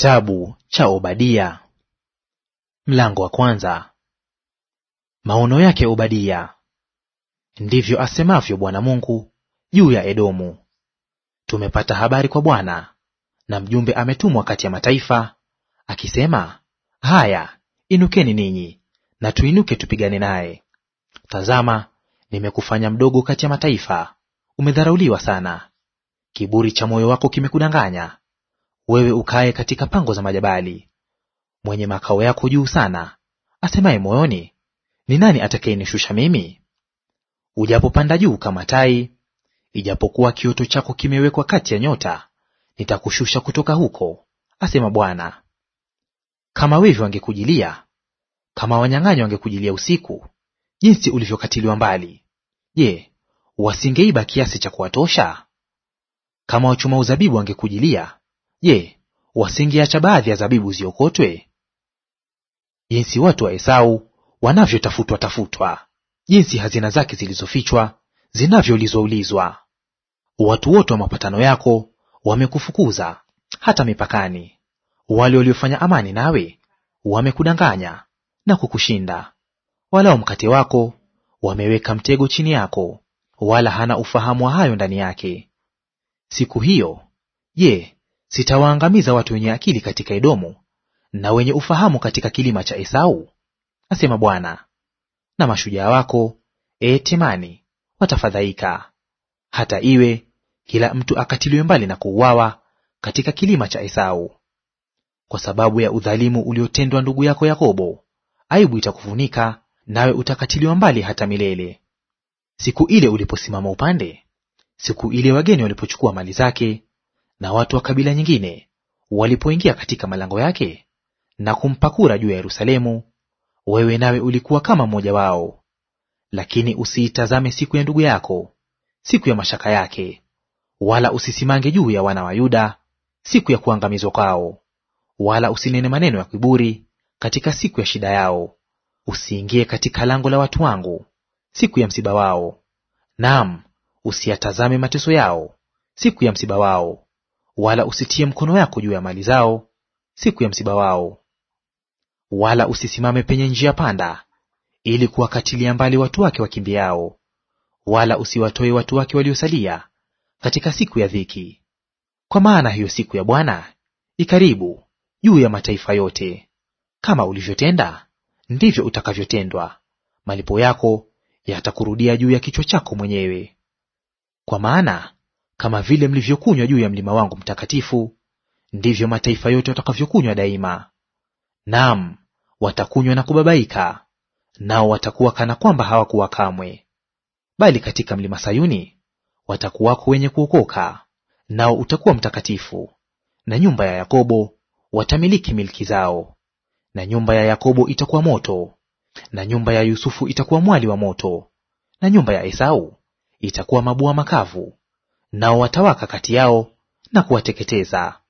Kitabu cha Obadia mlango wa kwanza. Maono yake Obadia. Ndivyo asemavyo Bwana Mungu juu ya Edomu. Tumepata habari kwa Bwana, na mjumbe ametumwa kati ya mataifa akisema, haya, inukeni ninyi na tuinuke tupigane naye. Tazama, nimekufanya mdogo kati ya mataifa, umedharauliwa sana. Kiburi cha moyo wako kimekudanganya wewe ukaye katika pango za majabali, mwenye makao yako juu sana, asemaye moyoni, ni nani atakayenishusha mimi? Ujapopanda juu kama tai, ijapokuwa kioto chako kimewekwa kati ya nyota, nitakushusha kutoka huko, asema Bwana. Kama wevi wangekujilia, kama wanyang'anyi wangekujilia usiku, jinsi ulivyokatiliwa mbali! Je, wasingeiba kiasi cha kuwatosha? Kama wachuma uzabibu wangekujilia, Je, wasingeacha baadhi ya zabibu ziokotwe? Jinsi watu wa Esau wanavyotafutwa tafutwa, jinsi hazina zake zilizofichwa zinavyoulizwa ulizwa! Watu wote wa mapatano yako wamekufukuza hata mipakani. Wale waliofanya amani nawe wamekudanganya na kukushinda. Walao mkate wako wameweka mtego chini yako, wala hana ufahamu wa hayo ndani yake. Siku hiyo, je, Sitawaangamiza watu wenye akili katika Edomu na wenye ufahamu katika kilima cha Esau, asema Bwana. Na mashujaa wako, ee Temani, watafadhaika. Hata iwe kila mtu akatiliwe mbali na kuuawa katika kilima cha Esau. Kwa sababu ya udhalimu uliotendwa ndugu yako Yakobo, aibu itakufunika, nawe utakatiliwa mbali hata milele. Siku ile uliposimama upande, siku ile wageni walipochukua mali zake, na watu wa kabila nyingine walipoingia katika malango yake na kumpa kura juu ya Yerusalemu, wewe nawe ulikuwa kama mmoja wao. Lakini usiitazame siku ya ndugu yako, siku ya mashaka yake, wala usisimange juu ya wana wa Yuda siku ya kuangamizwa kwao, wala usinene maneno ya kiburi katika siku ya shida yao. Usiingie katika lango la watu wangu siku ya msiba wao, naam, usiyatazame mateso yao siku ya msiba wao, wala usitie mkono yako juu ya mali zao siku ya msiba wao, wala usisimame penye njia panda ili kuwakatilia mbali watu wake wakimbiao, wala usiwatoe watu wake waliosalia katika siku ya dhiki. Kwa maana hiyo siku ya Bwana ikaribu juu ya mataifa yote; kama ulivyotenda ndivyo utakavyotendwa, malipo yako yatakurudia juu ya kichwa chako mwenyewe. Kwa maana kama vile mlivyokunywa juu ya mlima wangu mtakatifu, ndivyo mataifa yote watakavyokunywa daima. Naam, watakunywa na kubabaika, nao watakuwa kana kwamba hawakuwa kamwe. Bali katika mlima Sayuni watakuwako wenye kuokoka, nao utakuwa mtakatifu, na nyumba ya Yakobo watamiliki milki zao. Na nyumba ya Yakobo itakuwa moto, na nyumba ya Yusufu itakuwa mwali wa moto, na nyumba ya Esau itakuwa mabua makavu nao watawaka kati yao na kuwateketeza,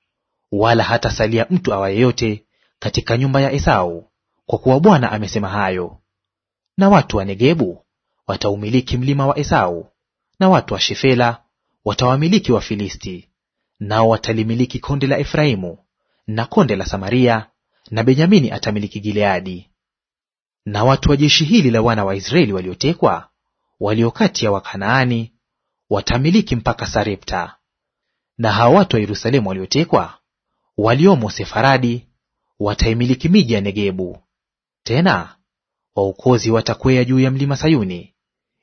wala hatasalia mtu awa yeyote katika nyumba ya Esau, kwa kuwa Bwana amesema hayo. Na watu wa Negebu wataumiliki mlima wa Esau, na watu wa Shefela watawamiliki Wafilisti, nao watalimiliki konde la Efraimu na konde la Samaria, na Benyamini atamiliki Gileadi. Na watu wa jeshi hili la wana wa Israeli waliotekwa walio kati ya Wakanaani watamiliki mpaka Sarepta. Na hawa watu wa Yerusalemu waliotekwa waliomo Sefaradi wataimiliki miji ya Negebu. Tena waokozi watakwea juu ya mlima Sayuni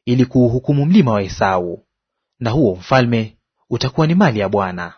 ili kuuhukumu mlima wa Esau, na huo mfalme utakuwa ni mali ya Bwana.